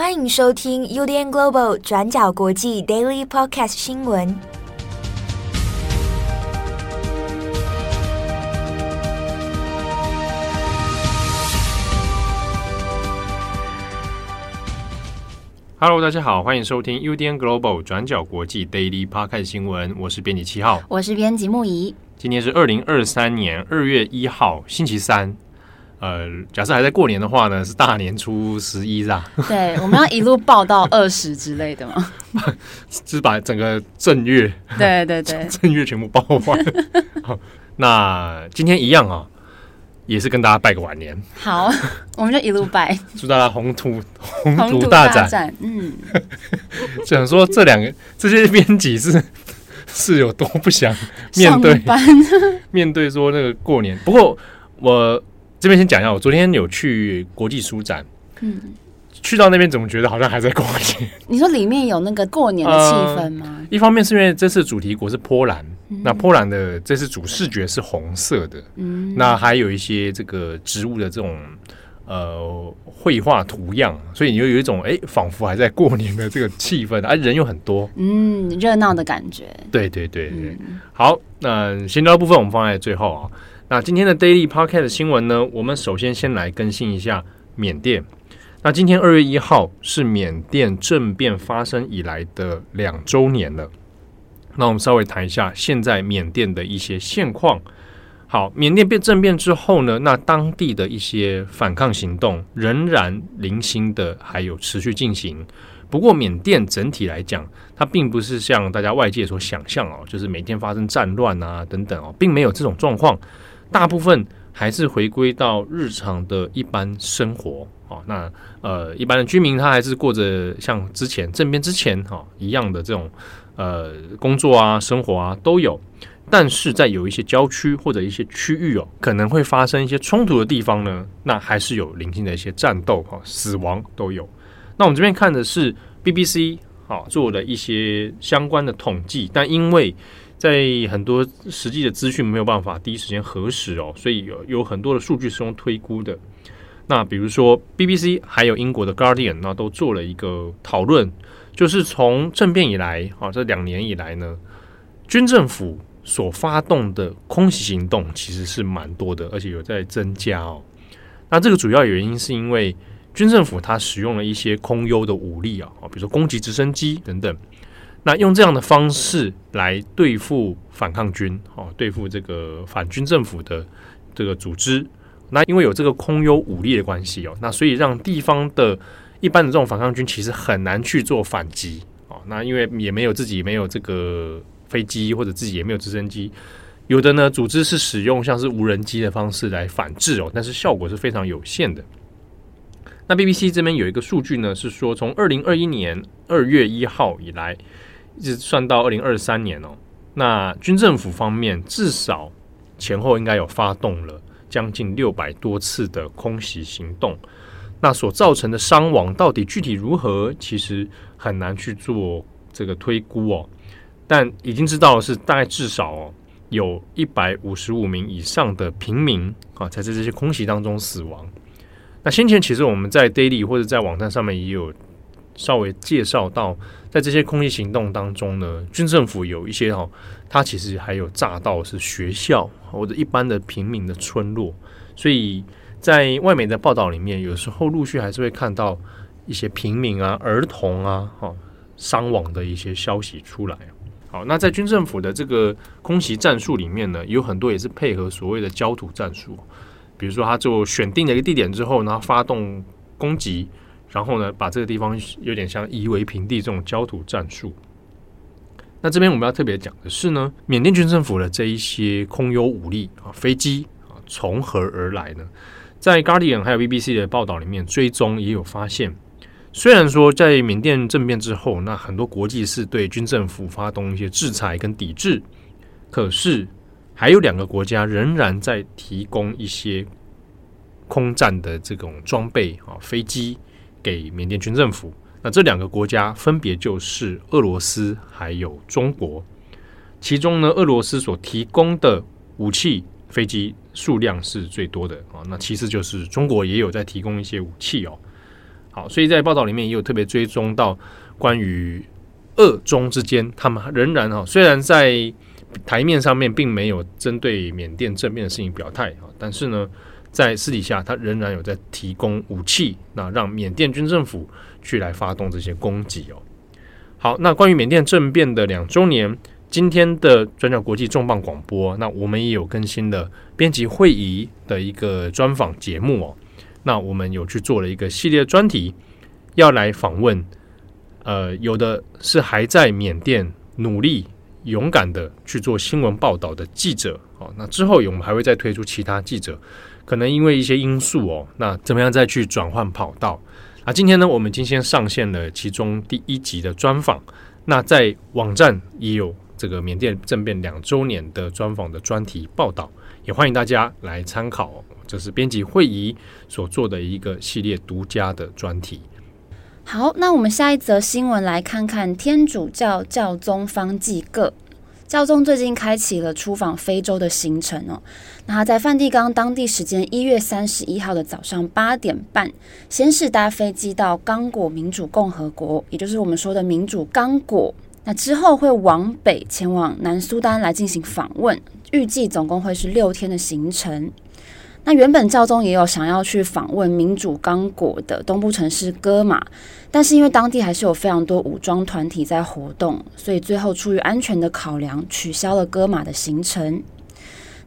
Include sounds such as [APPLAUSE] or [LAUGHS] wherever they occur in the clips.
歡迎收聽 UDN Global 轉角國際 Daily Podcast 新聞。Hello，大家好，歡迎收聽 UDN Global 轉角國際 Daily Podcast 新聞，我是編輯七號，我是編輯牧宜，今天是二零二三年二月一號，星期三。呃，假設還在過年的話呢，是大年初十一，啦，是吧？對，我們要一路報到二十之類的嘛， [LAUGHS] 就是把整個正月，對對對，正月全部報完。好、 [LAUGHS] [LAUGHS] 哦，那今天一樣啊、哦，也是跟大家拜個晚年。好，我們就一路拜， [LAUGHS] 祝大家宏圖宏圖大展。大嗯， [LAUGHS] 想說，這兩個這些編輯是是有多不想面對上班笑面對說那個過年。不過我。這邊先講一下，我昨天有去國際書展，嗯，去到那邊怎麼覺得好像還在過年？你說裡面有那個過年的氣氛嗎、呃？一方面是因為這次主題國是波蘭，嗯、那波蘭的這次主視覺是紅色的，嗯對，那還有一些這個植物的這種呃繪畫圖樣，所以你又有一種哎，仿、欸、佛還在過年的這個氣氛而、呃、人又很多，嗯，熱鬧的感覺。對對對對，嗯、好，那、呃、行動的部分我們放在最後啊。那今天的 Daily Podcast 的新聞呢？我們首先先來更新一下緬甸。那今天二月一號是緬甸政變發生以來的兩周年了。那我們稍微談一下現在緬甸的一些現況。好，緬甸變政變之後呢，那當地的一些反抗行動仍然零星的還有持續進行。不過緬甸整體來講，它並不是像大家外界所想象哦，就是每天發生戰亂啊等等哦，並沒有這種狀況。大部分還是回歸到日常的一般生活啊，那呃一般的居民他還是過着像之前政變之前哈一樣的這種呃工作啊、生活啊都有，但是在有一些郊區或者一些區域哦，可能會發生一些衝突的地方呢，那還是有零星的一些戰鬥哈，死亡都有。那我們這邊看的是 BBC 啊做的一些相關的統計，但因為在很多實際的資訊沒有辦法第一時間核實哦，所以有有很多的數據是用推估的。那比如說 BBC 還有英國的 Guardian 啊，都做了一個討論，就是從政變以來啊，這兩年以來呢，軍政府所發動的空襲行動其實是蠻多的，而且有在增加哦。那這個主要原因是因為軍政府它使用了一些空優的武力啊，比如說攻擊直升機等等。那用這樣的方式來對付反抗軍哦，對付這個反軍政府的這個組織。那因為有這個空優武力的關係哦，那所以讓地方的一般的這種反抗軍其實很難去做反擊哦。那因為也沒有自己也沒有這個飛機或者自己也沒有直升機，有的呢組織是使用像是無人機的方式來反制哦，但是效果是非常有限的。那 BBC 這邊有一個數據呢，是說從二零二一年二月一號以來。一直算到二零二三年哦，那軍政府方面至少前後應該有發動了將近六百多次的空襲行動，那所造成的傷亡到底具體如何，其實很難去做這個推估，哦。但已經知道是大概至少、哦、有一百五十五名以上的平民啊，才在這些空襲當中死亡。那先前其實我們在 Daily 或者在網站上面也有。稍微介紹到，在這些空襲行動當中呢，軍政府有一些哈、哦，它其實還有炸到是學校或者一般的平民的村落，所以在外媒的報道裡面，有時候陸續還是會看到一些平民啊、兒童啊，哈，傷亡的一些消息出來。好，那在軍政府的這個空襲戰術裡面呢，有很多也是配合所謂的焦土戰術，比如說他就選定了一個地點之後呢，發動攻擊。然後呢，把這個地方有點像夷為平地這種焦土戰術。那這邊我們要特別講的是呢，緬甸軍政府的這一些空優武力啊，飛機啊，從何而來呢？在 Guardian 還有 BBC 的報道裡面，追蹤也有發現，雖然說在緬甸政變之後，那很多國際是對軍政府發動一些制裁跟抵制，可是還有兩個國家仍然在提供一些空戰的這種裝備啊，飛機。給緬甸軍政府，那這兩個國家分別就是俄羅斯還有中國，其中呢，俄羅斯所提供的武器飛機數量是最多的啊，那其次就是中國也有在提供一些武器哦。好，所以在報道裡面也有特別追蹤到關於俄中之間，他們仍然哈、哦，雖然在台面上面並沒有針對緬甸政變的事情表態啊，但是呢。在私底下，他仍然有在提供武器，那讓緬甸軍政府去來發動這些攻擊哦。好，那關於緬甸政變的兩周年，今天的《轉角國際》重磅廣播，那我們也有更新的編輯會議的一個專訪節目哦。那我們有去做了一個系列專題，要來訪問，呃，有的是還在緬甸努力勇敢的去做新聞報道的記者哦。那之後我們還會再推出其他記者。可能因為一些因素哦，那怎麼樣再去轉換跑道？啊，今天呢，我們今天上線了其中第一集的專訪，那在網站也有這個緬甸政變兩周年的專訪的專題報道，也歡迎大家來參考。這是編輯會議所做的一個系列獨家的專題。好，那我們下一則新聞來看看天主教教宗方濟各。教宗最近開啟了出訪非洲的行程哦，那他在梵蒂岡當地時間一月三十一號的早上八點半，先是搭飛機到剛果民主共和國，也就是我們說的民主剛果，那之後會往北前往南蘇丹來進行訪問，預計總共會是六天的行程。那原本教宗也有想要去訪問民主剛果的東部城市戈馬，但是因為當地還是有非常多武裝團體在活動，所以最後出於安全的考量，取消了戈馬的行程。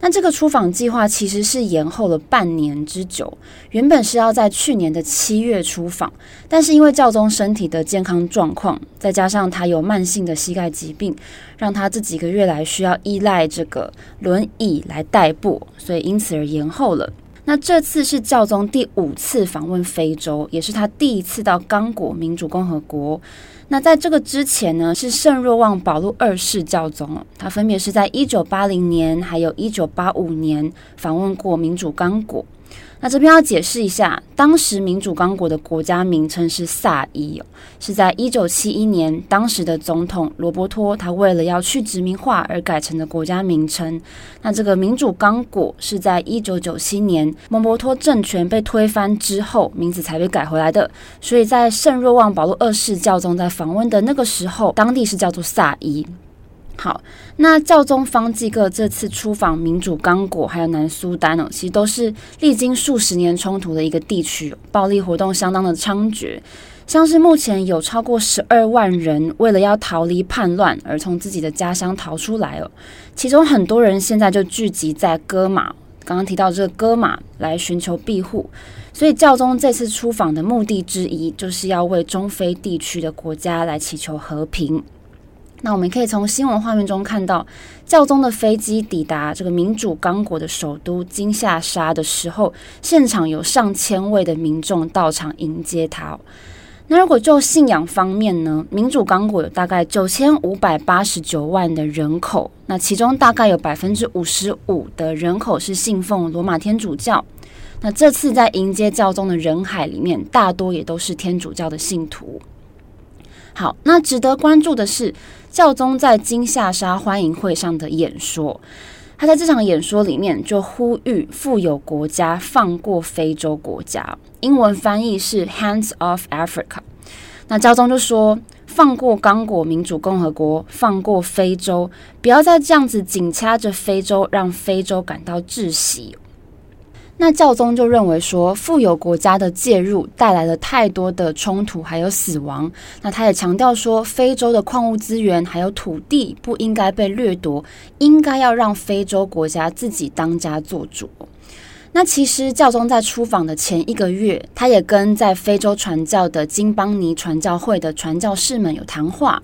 那這個出訪計劃其實是延後了半年之久，原本是要在去年的七月出訪，但是因為教宗身體的健康狀況，再加上他有慢性的膝蓋疾病，讓他這幾個月來需要依賴這個輪椅來代步，所以因此而延後了。那這次是教宗第五次訪問非洲，也是他第一次到剛果民主共和國。那在這個之前呢，是聖若望保祿二世教宗，他分別是在一九八零年，還有一九八五年訪問過民主剛果。那這邊要解釋一下，當時民主剛果的國家名稱是薩伊、哦，是在一九七一年，當時的總統羅伯托他為了要去殖民化而改成的國家名稱。那這個民主剛果是在一九九七年蒙博托政權被推翻之後，名字才被改回來的。所以在聖若望保祿二世教宗在訪問的那個時候，當地是叫做薩伊。好，那教宗方濟各這次出訪民主剛果還有南蘇丹哦，其實都是歷經數十年衝突的一個地區，暴力活動相當的猖獗，像是目前有超過十二萬人為了要逃離叛亂而從自己的家鄉逃出來哦，其中很多人現在就聚集在戈馬，剛剛提到這個戈馬來尋求庇護，所以教宗這次出訪的目的之一就是要為中非地區的國家來祈求和平。那我們可以從新聞畫面中看到，教宗的飛機抵達這個民主剛果的首都金夏沙的時候，現場有上千位的民眾到場迎接他。那如果就信仰方面呢？民主剛果有大概九千五百八十九萬的人口，那其中大概有百分之五十五的人口是信奉羅馬天主教。那這次在迎接教宗的人海裡面，大多也都是天主教的信徒。好，那值得關注的是，教宗在金夏沙歡迎會上的演說。他在這場演說裡面就呼籲富有國家放過非洲國家，英文翻譯是 Hands off Africa。那教宗就說：“放過剛果民主共和國，放過非洲，不要再這樣子緊掐着非洲，讓非洲感到窒息。”那教宗就認為說，富有國家的介入帶來了太多的衝突，還有死亡。那他也強調說，非洲的礦物資源還有土地不應該被掠奪，應該要讓非洲國家自己當家做主。那其實教宗在出訪的前一個月，他也跟在非洲傳教的金邦尼傳教會的傳教士們有談話。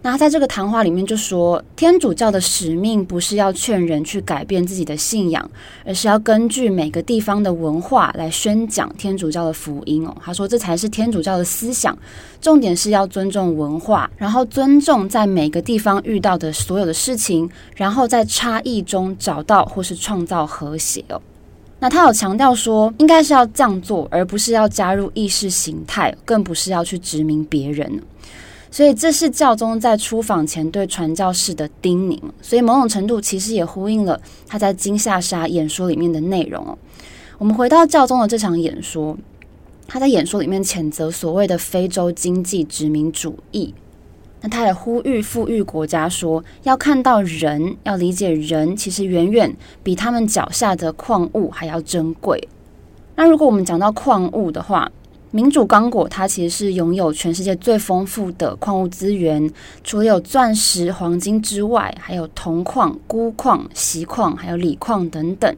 那他在這個談話裡面，就說天主教的使命不是要勸人去改變自己的信仰，而是要根據每個地方的文化來宣講天主教的福音哦。他說這才是天主教的思想，重點是要尊重文化，然後尊重在每個地方遇到的所有的事情，然後在差異中找到或是創造和諧哦。那他有強調說，應該是要這樣做，而不是要加入意識形態，更不是要去殖民別人。所以這是教宗在出訪前對傳教士的叮嚀，所以某種程度其實也呼應了他在金夏沙演說裡面的內容。我們回到教宗的這場演說，他在演說裡面譴責所謂的非洲經濟殖民主義，那他也呼籲富裕國家說要看到人，要理解人，其實遠遠比他們腳下的礦物還要珍貴。那如果我們講到礦物的話，民主剛果，它其實是擁有全世界最豐富的礦物資源，除了有鑽石、黃金之外，還有銅礦、鈷礦、錫礦，還有鋰礦等等。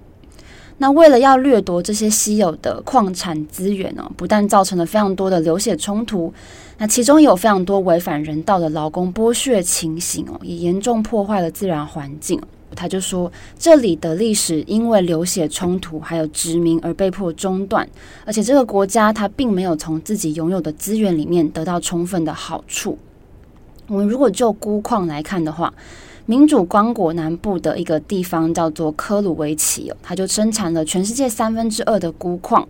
那為了要掠奪這些稀有的礦產資源呢，不但造成了非常多的流血衝突，那其中有非常多違反人道的勞工剝削情形哦，也嚴重破壞了自然環境。他就說，這裡的歷史因為流血衝突還有殖民而被迫中斷，而且這個國家它並沒有從自己擁有的資源裡面得到充分的好處。我們如果就钴礦來看的話，民主剛果南部的一個地方叫做科魯維奇，它就生產了全世界三分之二的钴礦。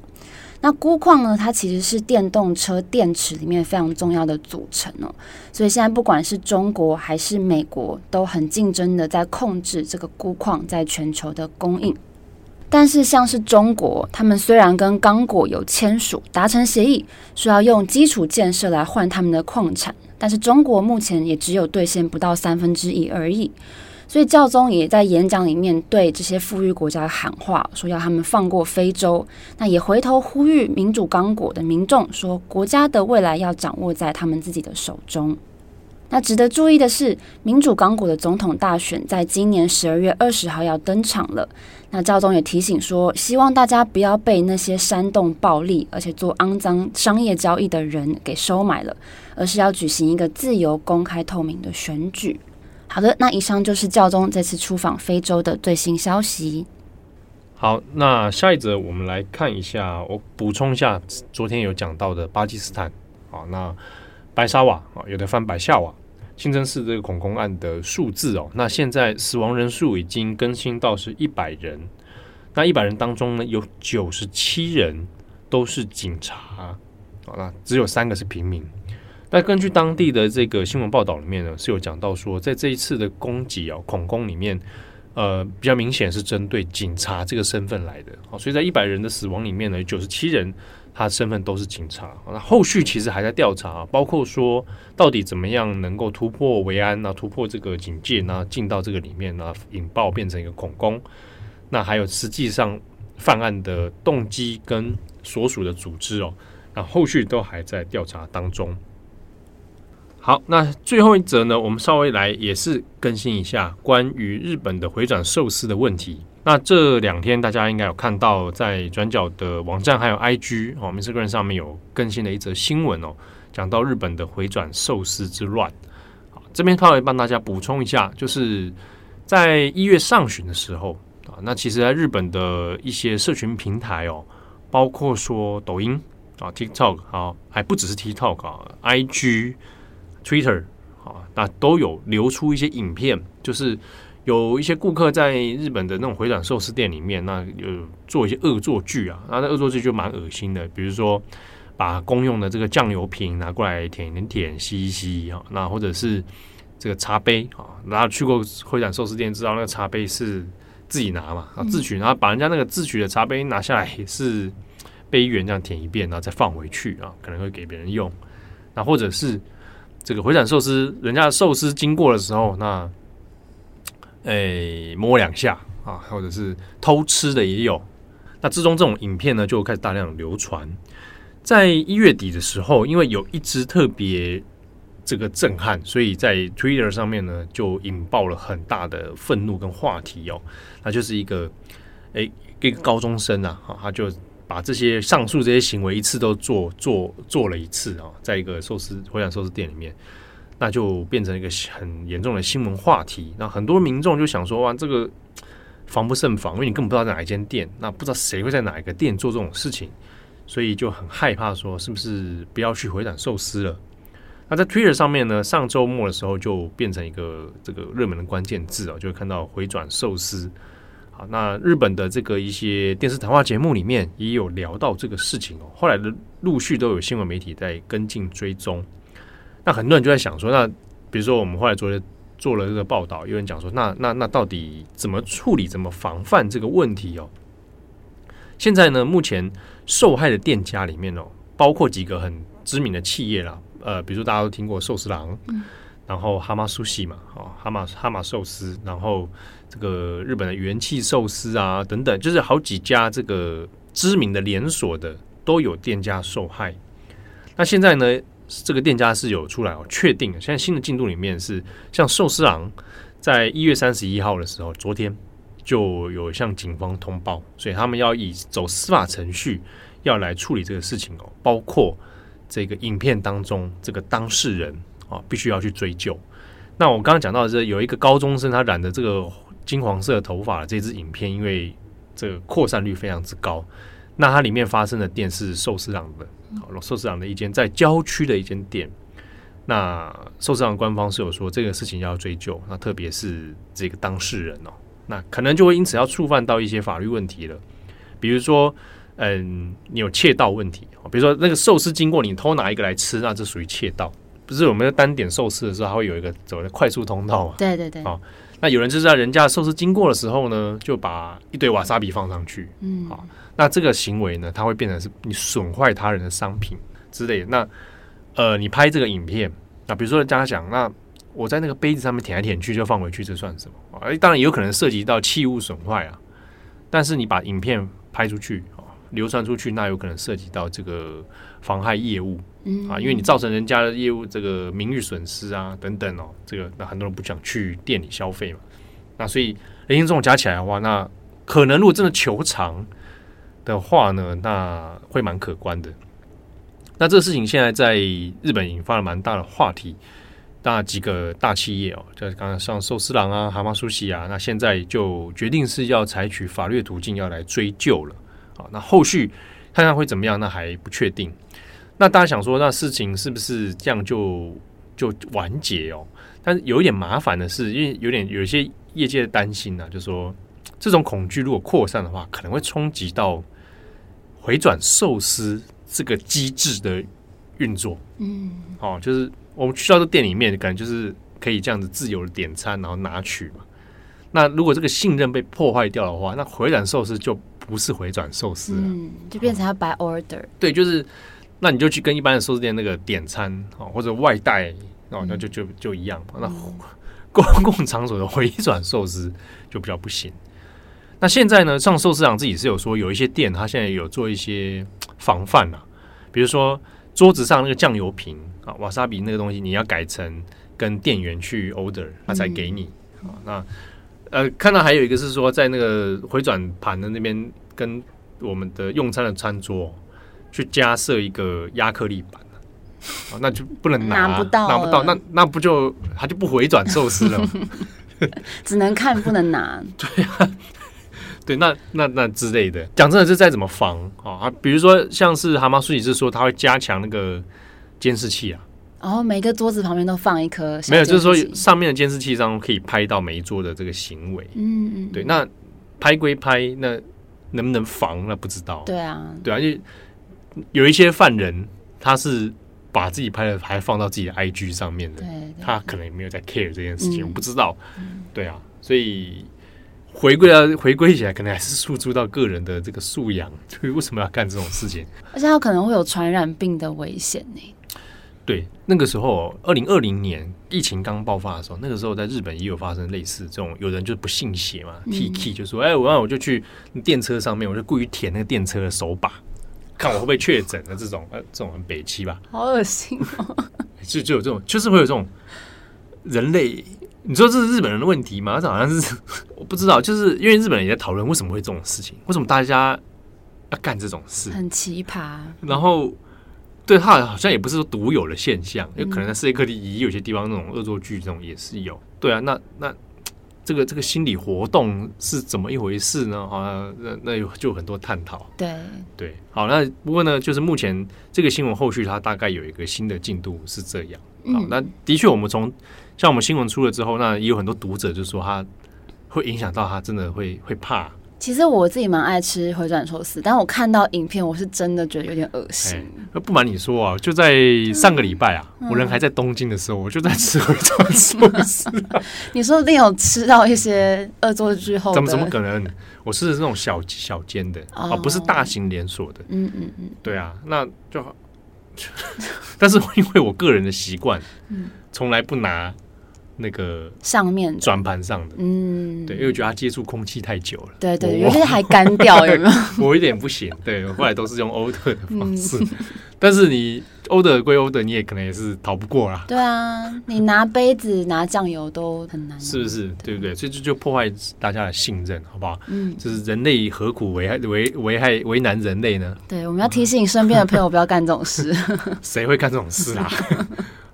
那鈷礦呢？它其實是電動車電池裡面非常重要的組成哦。所以現在不管是中國還是美國，都很競爭的在控制這個鈷礦在全球的供應。但是像是中國，他們雖然跟剛果有簽署達成協議，說要用基礎建設來換他們的礦產，但是中國目前也只有兌現不到三分之一而已。所以教宗也在演講裡面對這些富裕國家喊話，說要他們放過非洲。那也回頭呼籲民主剛果的民眾說，國家的未來要掌握在他們自己的手中。那值得注意的是，民主剛果的總統大選在今年十二月二十號要登場了。那教宗也提醒說，希望大家不要被那些煽動暴力而且做骯髒商業交易的人給收買了，而是要舉行一個自由、公開、透明的選舉。好的，那以上就是教宗這次出訪非洲的最新消息。好，那下一則我們來看一下，我補充一下昨天有講到的巴基斯坦啊，那白沙瓦啊，有的翻白沙瓦，清真寺這個恐攻案的數字哦，那現在死亡人數已經更新到是一百人，那一百人當中呢，有九十七人都是警察，好，那只有三個是平民。那根據當地的這個新聞報道裡面呢，是有講到說，在這一次的攻擊啊，恐攻裡面，呃，比較明顯是針對警察這個身份來的啊。所以在一百人的死亡裡面呢，九十七人他身份都是警察。那、啊、後續其實還在調查，啊，包括說到底怎麼樣能夠突破維安啊，突破這個警戒啊，進到這個裡面啊，引爆變成一個恐攻。那還有實際上犯案的動機跟所屬的組織哦，啊，那、啊、後續都還在調查當中。好，那最後一則呢，我們稍微來也是更新一下關於日本的迴轉壽司的問題。那這兩天大家應該有看到，在轉角的網站還有 IG 哦，Instagram 上面有更新的一則新聞哦，講到日本的迴轉壽司之亂。好，這邊稍微幫大家補充一下，就是在一月上旬的時候啊、哦，那其實在日本的一些社群平台哦，包括說抖音啊、哦、TikTok 啊、哦，還不只是 TikTok 啊、哦、，IG。Twitter 啊，那都有流出一些影片，就是有一些顧客在日本的那種迴轉壽司店裡面，那有做一些惡作劇啊，那惡作劇就蠻噁心的，比如說把公用的這個醬油瓶拿過來舔一舔、舔一舔吸一吸啊，那或者是這個茶杯啊，那去過迴轉壽司店知道那個茶杯是自己拿嘛，啊、嗯、自取，然後把人家那個自取的茶杯拿下來也是杯緣這樣舔一遍，然後再放回去啊，可能會給別人用，那、啊、或者是。這個迴轉壽司，人家壽司經過的時候，那，誒，摸兩下啊，或者是偷吃的也有。那之中這種影片呢，就開始大量流傳。在一月底的時候，因為有一支特別這個震撼，所以在 Twitter 上面呢就引爆了很大的憤怒跟話題哦。那就是一個誒一個高中生啊，啊他就。把這些上述這些行為一次都做做做了一次啊，在一個壽司回轉壽司店裡面，那就變成一個很嚴重的新聞話題。那很多民眾就想說，哇，這個防不勝防，因為你根本不知道在哪一間店，那不知道誰會在哪一個店做這種事情，所以就很害怕說是不是不要去回轉壽司了。那在 Twitter 上面呢，上周末的時候就變成一個這個熱門的關鍵字啊，就會看到回轉壽司。那日本的這個一些電視談話節目裡面也有聊到這個事情哦，後來的陸續都有新聞媒體在跟進追蹤。那很多人就在想說，那比如說我們後來昨天做了這個報道，有人講說，那那那到底怎麼處理，怎麼防範這個問題哦？現在呢，目前受害的店家裡面哦，包括幾個很知名的企業啦，呃，比如說大家都聽過壽司郎。嗯然後哈馬蘇西嘛，哦哈馬哈馬壽司，然後這個日本的元氣壽司啊等等，就是好幾家這個知名的連鎖的都有店家受害。那現在呢，這個店家是有出來哦，確定現在新的進度裡面是，像壽司郎在一月三十一號的時候，昨天就有向警方通報，所以他們要以走司法程序要來處理這個事情哦，包括這個影片當中這個當事人。啊，必須要去追究。那我剛剛講到的是有一個高中生，他染的這個金黃色的頭髮，這支影片因為這個擴散率非常之高。那它裡面發生的店是壽司郎的，壽司郎的一間在郊區的一間店。那壽司郎官方是有說這個事情要追究，那特別是這個當事人哦，那可能就會因此要觸犯到一些法律問題了。比如說，嗯，你有竊盜問題，比如說那個壽司經過，你偷拿一個來吃，那這屬於竊盜。不是我們在單點壽司的時候，它會有一個走的快速通道嘛，啊？對對對。哦，啊，那有人就是在人家壽司經過的時候呢，就把一堆瓦莎比放上去。嗯。好，啊，那這個行為呢，它會變成是你損壞他人的商品之類的。那呃，你拍這個影片，那，啊、比如說人家講，那我在那個杯子上面舔來舔去就放回去，這算什麼？哎，啊，當然也有可能涉及到器物損壞啊。但是你把影片拍出去啊，流傳出去，那有可能涉及到這個妨害業務。啊，因為你造成人家的業務這個名譽損失啊等等哦，這個那很多人不想去店裡消費嘛，那所以這些種種加起來的話，那可能如果真的求償的話呢，那會蠻可觀的。那這個事情現在在日本引發了蠻大的話題，那幾個大企業哦，就是剛剛像壽司郎啊、蛤蟆蘇西啊，那現在就決定是要採取法律的途徑要來追究了啊。那後續看看會怎麼樣，那還不確定。那大家想說，那事情是不是這樣就就完結哦？但是有一點麻煩的是，因為有點有一些業界的擔心呢、啊，就是說這種恐懼如果擴散的話，可能會衝擊到回轉壽司這個機制的運作。嗯，哦，就是我們去到這店裡面，感覺就是可以這樣子自由的點餐，然後拿取嘛。那如果這個信任被破壞掉的話，那回轉壽司就不是回轉壽司了，嗯，就變成要 by order。哦、對，就是。那你就去跟一般的壽司店那個點餐哦，或者外帶哦，嗯、那就就就一樣。那公共場所的迴轉壽司就比較不行。那現在呢，上壽司長自己是有說，有一些店他現在有做一些防範啊，比如說桌子上那個醬油瓶啊、瓦薩比那個東西，你要改成跟店員去 order，他才給你、嗯、啊。那呃，看到還有一個是說，在那個迴轉盤的那邊跟我們的用餐的餐桌。去加設一個壓克力板、啊哦、那就不能拿、啊，拿不,到拿不到，那那不就他就不回轉壽司了嗎 [LAUGHS] 只能看不能拿， [LAUGHS] 對啊，對，那那那之類的，講真的，是再怎麼防、哦、啊，比如說像是蛤蟆書記是說他會加強那個監視器啊，然後、哦、每個桌子旁邊都放一顆，沒有，就是說上面的監視器上可以拍到每一桌的這個行為，嗯嗯，對，那拍歸拍，那能不能防那不知道，對啊，對啊，就。有一些犯人，他是把自己拍的還放到自己的 IG 上面的，對對對，他可能也沒有在 care 這件事情，嗯、我不知道。嗯、對啊，所以回歸到回歸起來，可能還是訴諸到個人的這個素養，所以為什麼要幹這種事情？而且他可能會有傳染病的危險呢。對，那個時候二零二零年疫情剛爆發的時候，那個時候在日本也有發生類似這種，有人就不信邪嘛、嗯、，Tik 就說：“哎、欸，我那我就去電車上面，我就故意舔那個電車的手把。”看我會不會確診的這種，呃，這種很北七吧。好惡心哦！就就有這種，就是會有這種人類。你說這是日本人的問題嗎？這好像是我不知道，就是因為日本人也在討論為什麼會這種事情，為什麼大家要幹這種事，很奇葩。然後對他好像也不是說獨有的現象，有可能在世界各地，也有些地方那種惡作劇這種也是有。對啊，那那。這個這個心理活動是怎麼一回事呢？好像、啊、那那有就有很多探討。對對，好，那不過呢，就是目前這個新聞後續，它大概有一個新的進度是這樣。那、嗯、的確，我們從像我們新聞出了之後，那也有很多讀者就說，它會影響到他，真的會會怕。其實我自己蠻愛吃迴轉壽司，但我看到影片，我是真的覺得有點噁心。那、欸、不瞞你說啊，就在上個禮拜啊，嗯嗯、我人還在東京的時候，我就在吃迴轉壽司、啊。 [LAUGHS] 你說不定有吃到一些惡作劇後？怎麼怎麼可能？我吃的是那種小小間的啊、oh, 哦，不是大型連鎖的。嗯嗯嗯。對啊，那就好。 [LAUGHS] 但是因為我個人的習慣，從、嗯、來不拿。那個上面轉盤上的，嗯，對，因為我覺得它接觸空氣太久了，對對，有些還乾掉，有沒有？我一點不行，對，後來都是用 order 的方式，但是你 order 歸 order 你也可能也是逃不過啦。對啊，你拿杯子拿醬油都很難，是不是？對不對？所以就就破壞大家的信任，好不好？嗯，就是人類何苦為害為為害為難人類呢？對，我們要提醒身邊的朋友不要幹這種事。誰會幹這種事啊？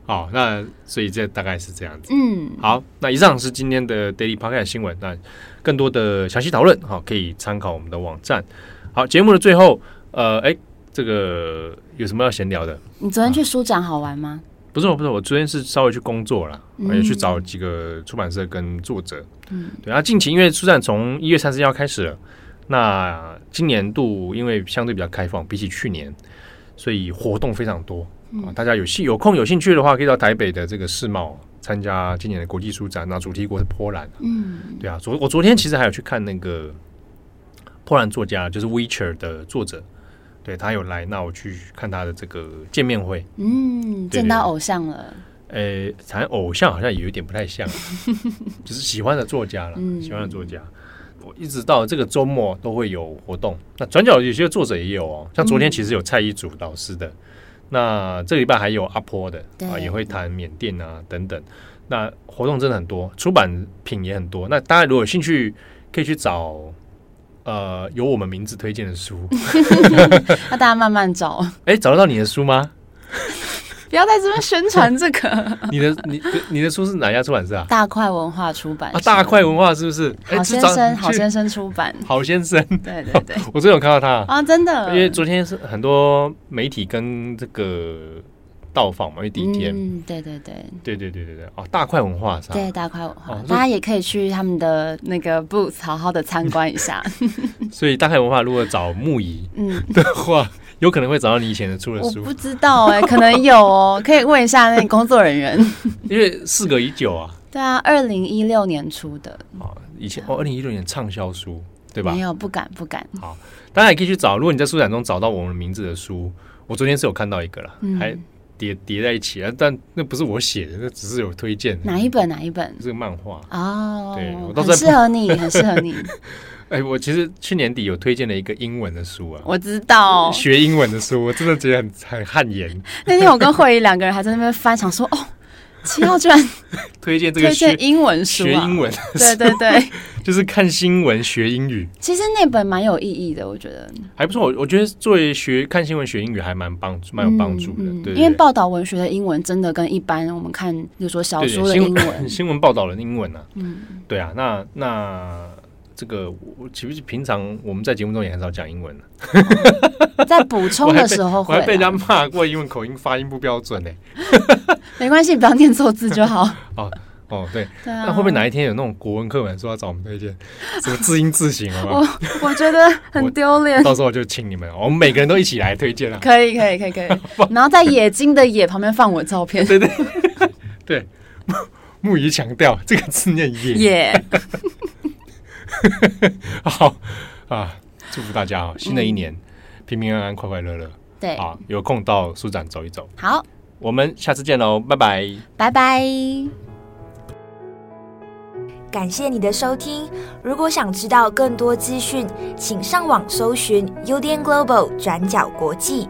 好、哦，那所以這大概是這樣子。嗯，好，那以上是今天的 Daily Podcast 新聞。那更多的詳細討論，哈、哦，可以參考我們的網站。好，節目的最後，呃，哎、欸，這個有什麼要閒聊的？你昨天去書展好玩嗎？啊、不是，我不是，我昨天是稍微去工作了，我也、嗯、去找幾個出版社跟作者。嗯，對啊，近期因為書展從一月三十一號開始了，那今年度因為相對比較開放，比起去年，所以活動非常多。哦、大家有興有空有興趣的話，可以到台北的這個世貿參加今年的國際書展，那主題國是波蘭，嗯，對啊。昨我昨天其實還有去看那個波蘭作家，就是 Witcher 的作者，對，他有來，那我去看他的這個見面會。嗯，見到偶像了、欸。哎，談偶像好像也有點不太像， [LAUGHS] 就是喜歡的作家了。嗯、喜歡的作家，我一直到這個週末都會有活動。那轉角有些作者也有哦，像昨天其實有蔡一祖老師的。嗯那這個禮拜還有阿婆的對啊，也會談緬甸啊等等。那活動真的很多，出版品也很多。那大家如果有興趣，可以去找呃有我們名字推薦的書，那大家慢慢找。哎、欸，找得到你的書嗎？ [LAUGHS] 不要在這邊宣傳這個 [LAUGHS] 你，你的你你的書是哪家出版社啊？大塊文化出版。啊，大塊文化是不是？郝先生，欸、郝先生出版。郝先生，對對對。哦、我最近有看到他啊，真的。因為昨天是很多媒體跟這個到訪嘛，因為第一天。嗯，對對對。對對對對對。哦、啊，大塊文化是吧？對，大塊文化。哦、大家也可以去他們的那個 booth 好好的參觀一下。 [LAUGHS] 所以大塊文化如果找牧宜嗯的話。嗯 [LAUGHS] 有可能會找到你以前的出的書，我不知道哎、欸，可能有哦， [LAUGHS] 可以問一下那工作人員，因為事隔已久啊。對啊，二零一六年出的哦，以前哦，二零一六年暢銷書對吧？沒有，不敢，不敢。好，大家也可以去找，如果你在書展中找到我們名字的書，我昨天是有看到一個了，嗯、還。疊疊在一起啊，但那不是我寫的，那只是有推薦。哪一本？哪一本？這個漫畫哦，oh, 對我都很適合你，很適合你。哎、 [LAUGHS] 欸，我其實去年底有推薦了一個英文的書啊，我知道學英文的書，我真的覺得很很汗顏。 [LAUGHS] 那天我跟慧怡兩個人還在那邊翻唱，想說哦。七號居然推薦這個學推薦英文書啊，學英文，對對對， [LAUGHS] 就是看新聞學英語。其實那本蠻有意義的，我覺得還不錯。我覺得作為學看新聞學英語還蠻幫蠻有幫助的，對。因為報道文學的英文真的跟一般我們看，比如說小說的英文對對對，新聞報道的英文啊，嗯，對啊，那那。這個豈不是平常我們在節目中也很少講英文，在補 [LAUGHS] 充的時候會，我還被人家罵過英文口音發音不標準呢、欸。 [LAUGHS] 沒關係，不要念錯字就好。 [LAUGHS] 哦哦，對。對啊、那會不會哪一天有那種國文課本說要找我們推薦 [LAUGHS] 什麼字音字形啊？我我覺得很丟臉，到時候就請你們，我們每個人都一起來推薦啊 [LAUGHS] 可。可以可以可以可以。然後在“野”金的“野”旁邊放我照片。 [LAUGHS] 對對對， [LAUGHS] 對。牧、牧宜強調這個字念“野”。 [LAUGHS] 好啊！祝福大家新的一年、嗯、平平安安，快快樂樂。對啊，有空到書展走一走。好，我們下次見嘍，拜拜，拜拜 bye。感謝你的收聽，如果想知道更多資訊，請上網搜尋 UDN Global 轉角國際。